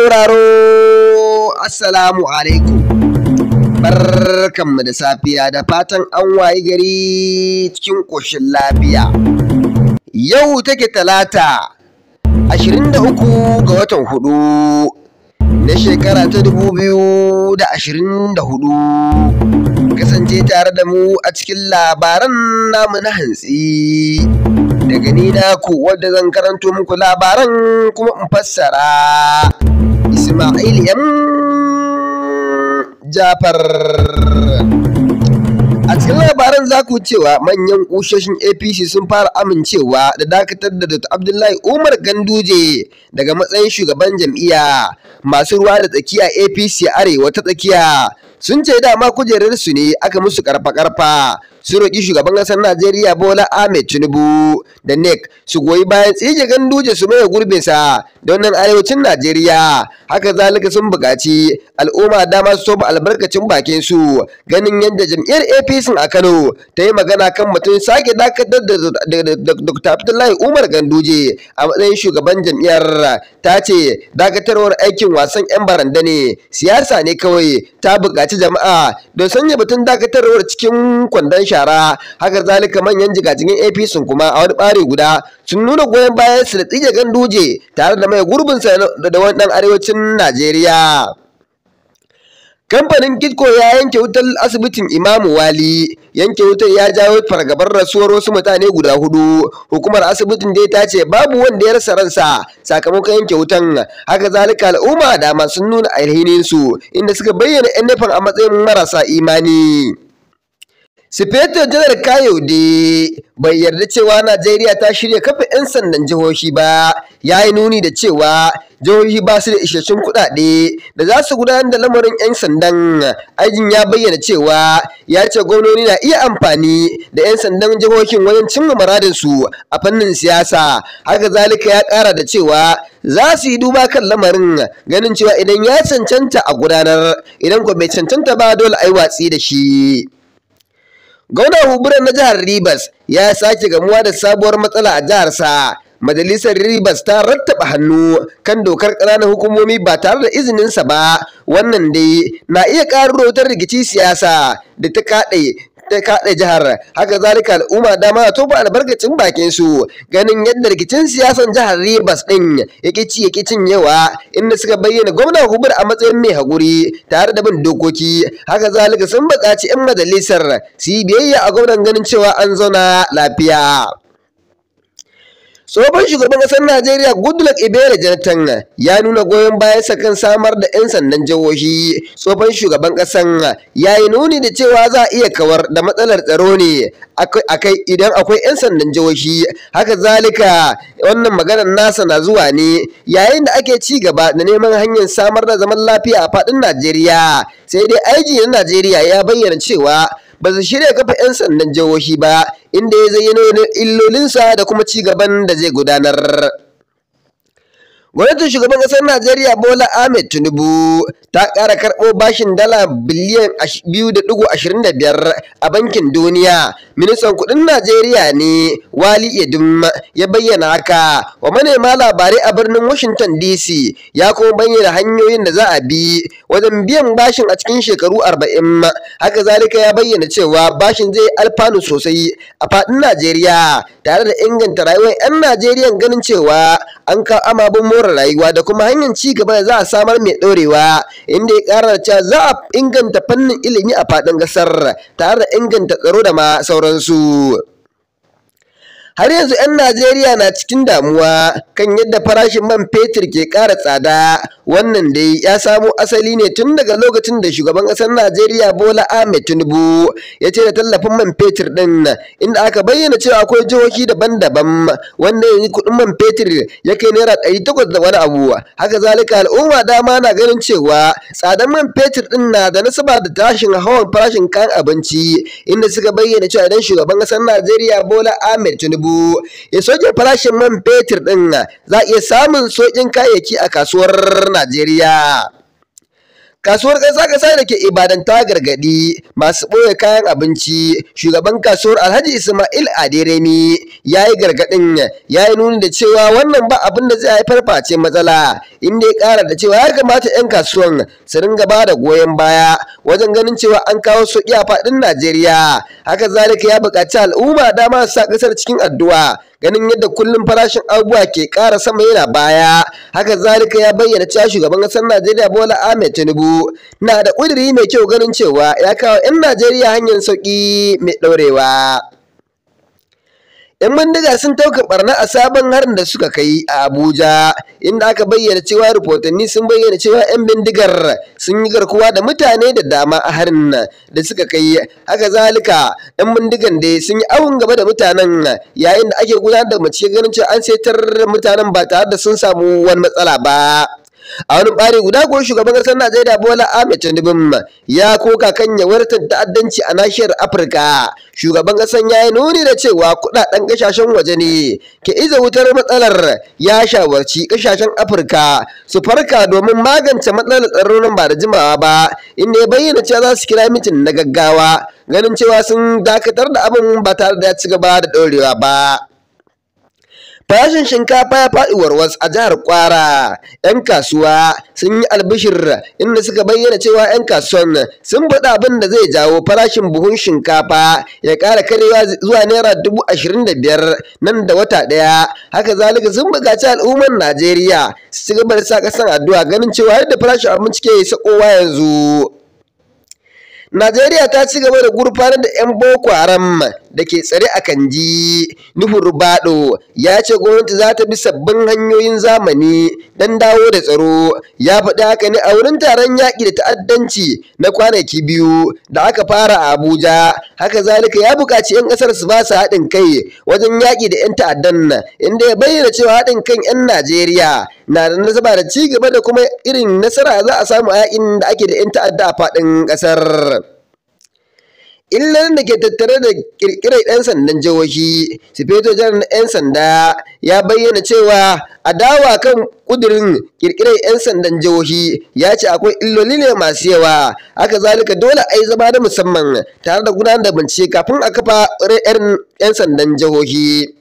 sauraro assalamu alaikum barkanmu da safiya da fatan an wayi gari cikin koshin lafiya yau take talata 23 ga watan hudu na shekara ta 2024 kasance tare da mu a cikin labaran namu na hantsi daga ni ku wadda zan karanto muku labaran kuma in fassara Ismail M Jafar a cikin labaran za ku cewa manyan ƙushashin apc sun fara amincewa da dakatar da dr abdullahi umar ganduje daga matsayin shugaban jam'iyya masu ruwa da tsakiya apc arewa ta tsakiya sun ce dama kujerar su ne aka musu karfa-karfa su roƙi shugaban ƙasar Najeriya Bola Ahmed Tinubu da NEC su goyi bayan tsige ganduje su maye sa don nan arewacin Najeriya. Haka zalika sun buƙaci al'umma dama su soba albarkacin bakin su ganin yadda jam'iyyar APC a Kano ta yi magana kan mutum sake dakatar da Dr. Abdullahi Umar Ganduje a matsayin shugaban jam'iyyar ta ce dakatarwar aikin wasan 'yan baranda ne siyasa ne kawai ta buƙaci jama'a don sanya batun dakatarwar cikin kwandon sha yara haka zalika manyan jigajigin apc kuma a wani bare guda sun nuna goyon bayan su da tsige ganduje tare da mai gurbin sa da wani dan arewacin najeriya kamfanin kitko ya yanke wutar asibitin imamu wali yanke wutar ya jawo fargabar rasuwar wasu mutane guda hudu hukumar asibitin dai ta ce babu wanda ya rasa ransa sakamakon yanke wutan haka zalika al'umma da masu nuna alhinin su inda suka bayyana yan nufin a matsayin marasa imani sifeto janar Kayaude bai yarda cewa najeriya ta shirya kafa 'yan sandan jihohi ba ya yi nuni da cewa jihohi ba su da isassun kuɗaɗe da za su gudanar da lamarin 'yan sandan ajin ya bayyana cewa ya ce gwamnoni na iya amfani da 'yan sandan jihohin wajen cimma su a fannin siyasa haka zalika ya ƙara da cewa za su yi duba kan lamarin ganin cewa idan ya cancanta a gudanar idan ko bai cancanta ba dole a yi watsi da shi gwamnan Huburan na jihar Ribas ya sake gamuwa da sabuwar matsala a jiharsa. Majalisar Ribas ta rattaba hannu kan dokar ƙananan hukumomi ba tare da izininsa ba, wannan dai na iya ƙaro ta rikici siyasa da ta kaɗe da kaɗa jihar haka zalika al'umma dama to ba albarkacin bakin su ganin yadda rikicin siyasan jihar Rivers din yake ci yake cinyewa inda suka bayyana gwamna hukumar a matsayin mai haguri tare da bin dokoki haka zalika sun buƙaci 'yan majalisar su yi biyayya a gwamnan ganin cewa an zauna lafiya. tsohon shugaban ƙasar najeriya goodluck ibera jonathan ya nuna goyon bayansa kan samar da 'yan sandan jihohi tsohon shugaban ƙasar ya yi nuni da cewa za a iya kawar da matsalar tsaro ne akai idan akwai 'yan sandan jihohi haka zalika wannan maganar nasa na zuwa ne yayin da ake ci gaba da neman hanyar samar da zaman lafiya a faɗin najeriya sai dai IG na najeriya ya bayyana cewa ba su shirya kafa 'yan sandan jihohi ba inda ya zayyano illolinsa da kuma ci gaban da zai gudanar Gwamnatin shugaban ƙasar Najeriya Bola Ahmed Tinubu ta ƙara karɓo bashin dala biliyan 2.25 a bankin duniya. Ministan kuɗin Najeriya ne Wali Edum ya bayyana haka wa manema labarai a birnin Washington DC ya kuma bayyana hanyoyin da za a bi wajen biyan bashin a cikin shekaru 40. Haka zalika ya bayyana cewa bashin zai alfanu sosai a faɗin Najeriya tare da inganta rayuwar 'yan Najeriya ganin cewa an kawo amabin more rayuwa da kuma hanyar ci gaba da za a samar mai ɗorewa inda ya ƙara cewa za a inganta fannin ilimi a faɗin ƙasar tare da inganta tsaro da ma sauransu. har yanzu 'yan Najeriya na cikin damuwa kan yadda farashin man fetur ke ƙara tsada wannan dai ya samo asali ne tun daga lokacin da shugaban ƙasar Najeriya Bola Ahmed Tinubu ya ce da tallafin man fetur ɗin inda aka bayyana cewa akwai jihohi daban-daban wanda yanzu kuɗin man fetur ya kai naira ɗari takwas da wani abu haka zalika al'umma dama na ganin cewa tsadar man fetur ɗin na da nasaba da tashin hawan farashin kayan abinci inda suka bayyana cewa idan shugaban ƙasar Najeriya Bola Ahmed Tinubu dubu ya soke farashin man fetur ɗin za a iya samun sauƙin kayayyaki a kasuwar Najeriya. Kasuwar ƙasa-ƙasa da ke Ibadan ta gargaɗi masu ɓoye kayan abinci. Shugaban kasuwar Alhaji Ismail adiremi ya yi gargadin, ya yi nuni da cewa wannan ba abin da zai haifar face matsala. Inda ya ƙara da cewa ya kamata 'yan kasuwan su ringa ba da goyon baya wajen ganin cewa an kawo sauƙi a faɗin Najeriya. Haka zalika ya buƙaci al'umma dama su sa ƙasar cikin addu'a. ganin yadda kullum farashin abubuwa ke ƙara sama yana baya haka zalika ya bayyana cewa shugaban ƙasar najeriya bola ahmed tinubu na da ƙudiri mai kyau ganin cewa ya kawo 'yan najeriya hanyar sauƙi mai ɗaurewa 'Yan bindiga sun tauka barna a sabon harin da suka kai a Abuja, inda aka bayyana cewa rahotanni sun bayyana cewa 'yan bindigar sun yi garkuwa da mutane da dama a harin da suka kai. Haka zalika, 'yan bindigan da sun yi awon gaba da mutanen yayin da ake gudanar da mace ganin cewa an setar mutanen ba tare da sun samu wani matsala ba. a wani bari guda ko shugaban ƙasar najeriya bola ahmed tinubu ya koka kan yawartar ta'addanci a nashiyar afirka shugaban kasar ya yi nuni da cewa kuɗaɗen kashashen waje ne ke iza wutar matsalar ya shawarci kashashen afirka su farka domin magance matsalar tsaronin ba da jimawa ba inda ya bayyana cewa za su kira mitin na gaggawa ganin cewa sun dakatar da abin ba tare da ya ci gaba da ɗorewa ba. Farashin shinkafa ya faɗi warwas a jihar Kwara. 'Yan kasuwa sun yi albishir inda suka bayyana cewa 'yan kasuwan sun faɗi abin da zai jawo farashin buhun shinkafa ya ƙara karewa zuwa naira dubu ashirin da biyar nan da wata ɗaya. Haka zalika sun buƙaci al'ummar Najeriya su ci gaba da sa ƙasan addu'a ganin cewa yadda farashin abinci ke sakowa yanzu. Najeriya ta ci gaba da gurfanar da 'yan Boko Haram da ke tsare a Kanji. Nuhu Rubado ya ce gwamnati za ta bi sabbin hanyoyin zamani don dawo da tsaro. Ya faɗi haka ne a wurin taron yaƙi da ta'addanci na kwanaki biyu da aka fara a Abuja. Haka zalika ya buƙaci 'yan ƙasar su ba su haɗin kai wajen yaƙi da 'yan ta'addan inda ya bayyana cewa haɗin kan 'yan Najeriya na da nasaba da ci gaba da kuma irin nasara za a samu a yaƙin da ake da 'yan ta'adda a faɗin ƙasar. illar da ke tattare da kirkirar 'yan sandan jihohi sifeto na 'yan sanda ya bayyana cewa adawa kan kudirin kirkirar 'yan sandan jihohi ya ce akwai illoli ne masu yawa haka zalika dole a yi zama da musamman tare da gudanar da bincike kafin a kafa 'yan sandan jihohi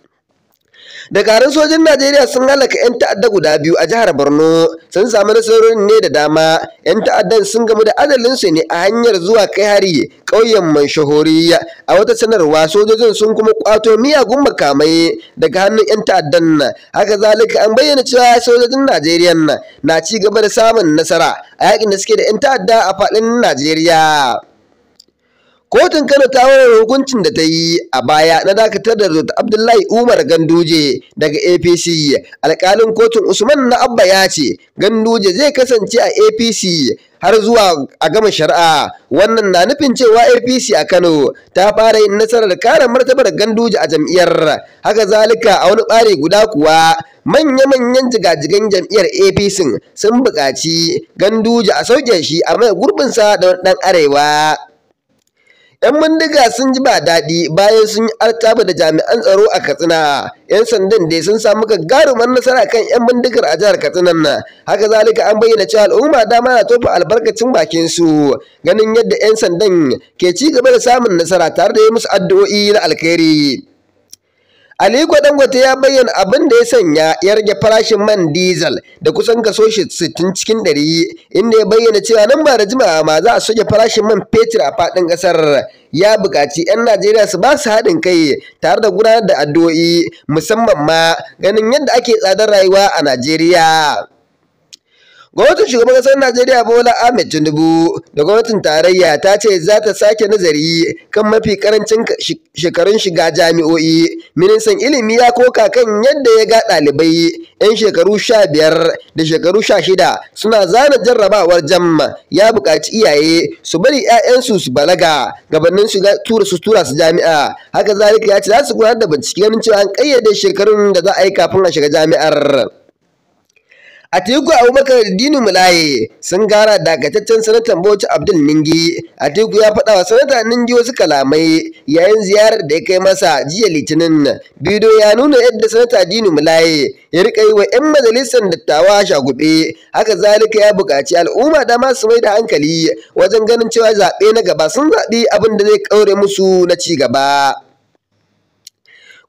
dakarun sojin najeriya sun halaka 'yan ta'adda guda biyu a jihar borno sun samu nasarorin ne da dama 'yan ta'addan sun gamu da adalin su ne a hanyar zuwa kai hari ƙauyen manshahori a wata sanarwa sojojin sun kuma kwato miyagun makamai daga hannun 'yan ta'addan haka zalika an bayyana cewa sojojin najeriya na ci gaba da samun nasara a yakin da suke da 'yan ta'adda a faɗin najeriya Kotun Kano ta warware hukuncin da ta yi a baya na dakatar da Dr. Abdullahi Umar Ganduje daga APC. Alƙalin kotun Usman na Abba ya ce Ganduje zai kasance a APC har zuwa a gama shari'a. Wannan na nufin cewa APC a Kano ta fara yin nasarar kare martabar Ganduje a jam'iyyar. Haka zalika a wani ɓari guda kuwa manya-manyan jigajigan jam'iyyar APC sun buƙaci Ganduje a sauke shi a mai gurbinsa da ɗan arewa. 'Yan bindiga sun ji ba daɗi bayan sun yi artaba da jami'an tsaro a Katsina. 'Yan sandan dai sun samu gagarumar nasara kan 'yan bindigar a jihar Katsina nan. Haka zalika an bayyana cewa al'umma dama na tofa albarkacin bakin su ganin yadda 'yan sandan ke ci gaba da samun nasara tare da yi musu addu'o'i na alkhairi. Aliko Dangote ya bayyana abin da ya sanya ya rage farashin man diesel da kusan kaso 60 cikin 100 inda ya bayyana cewa nan ba da jimawa ma za a soke farashin man fetur a faɗin ƙasar ya buƙaci 'yan Najeriya su ba su haɗin kai tare da gudanar da addu'o'i musamman ma ganin yadda ake tsadar rayuwa a Najeriya. Gwamnatin shugaban ƙasar Najeriya Bola Ahmed Tinubu da gwamnatin tarayya ta ce za ta sake nazari kan mafi karancin shekarun shiga jami'o'i. Ministan ilimi ya koka kan yadda ya ga ɗalibai 'yan shekaru sha biyar da shekaru sha shida suna zana jarrabawar jamma ya buƙaci iyaye su bari 'ya'yansu su balaga gabanin su tura su tura su jami'a. Haka zalika ya ce za su gudanar da bincike ganin cewa an ƙayyade shekarun da za a yi kafin a shiga jami'ar. a Atiku Abubakar Dinu Mulaye sun gara dakataccen sanatan Bauchi Abdul Ningi. a Atiku ya faɗa wa sanata Ningi wasu kalamai yayin ziyarar da ya kai masa jiya Litinin. Bidiyo ya nuna yadda sanata Dinu Mulaye ya rika yi wa 'yan majalisar dattawa shagube. Haka zalika ya buƙaci al'umma da masu mai da hankali wajen ganin cewa zaɓe na gaba sun zaɓi abin da zai ƙaure musu na ci gaba.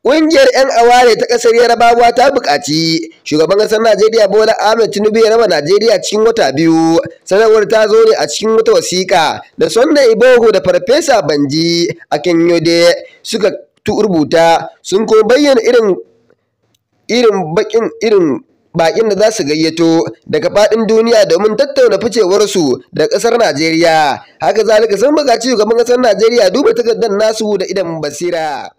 Ƙungiyar 'yan aware ta ƙasar Yarabawa ta buƙaci shugaban ƙasar Najeriya Bola Ahmed Tinubu ya raba Najeriya cikin wata biyu. Sanarwar ta zo ne a cikin wata wasiƙa da Sunday Igboho da Farfesa Banji a Kenyode suka rubuta sun kuma bayyana irin irin bakin irin bakin da za su gayyato daga faɗin duniya domin tattauna ficewarsu da ƙasar Najeriya. Haka zalika sun buƙaci shugaban ƙasar Najeriya duba takardar nasu da idan basira.